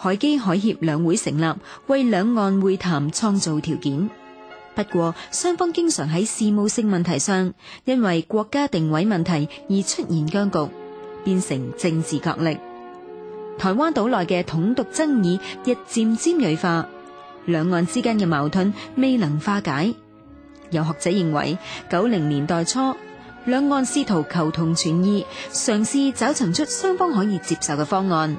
海基海協兩會成立，為兩岸會談創造條件。不過，雙方經常喺事務性問題上，因為國家定位問題而出現僵局，變成政治角力。台灣島內嘅統獨爭議日漸尖銳化，兩岸之間嘅矛盾未能化解。有學者認為，九零年代初，兩岸試圖求同存異，嘗試找尋出雙方可以接受嘅方案。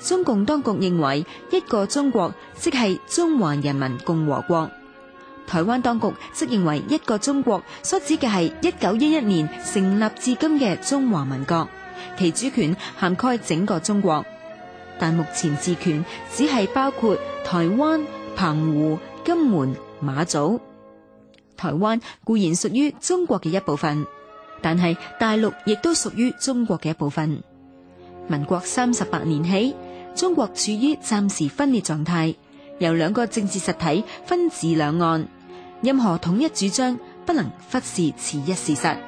中共當局認為一個中國即係中華人民共和國，台灣當局則認為一個中國所指嘅係一九一一年成立至今嘅中華民國，其主權涵蓋整個中國，但目前治權只係包括台灣、澎湖、金門、馬祖。台灣固然屬於中國嘅一部分，但係大陸亦都屬於中國嘅一部分。民國三十八年起。中國處於暫時分裂狀態，由兩個政治實體分治兩岸，任何統一主張不能忽視此一事實。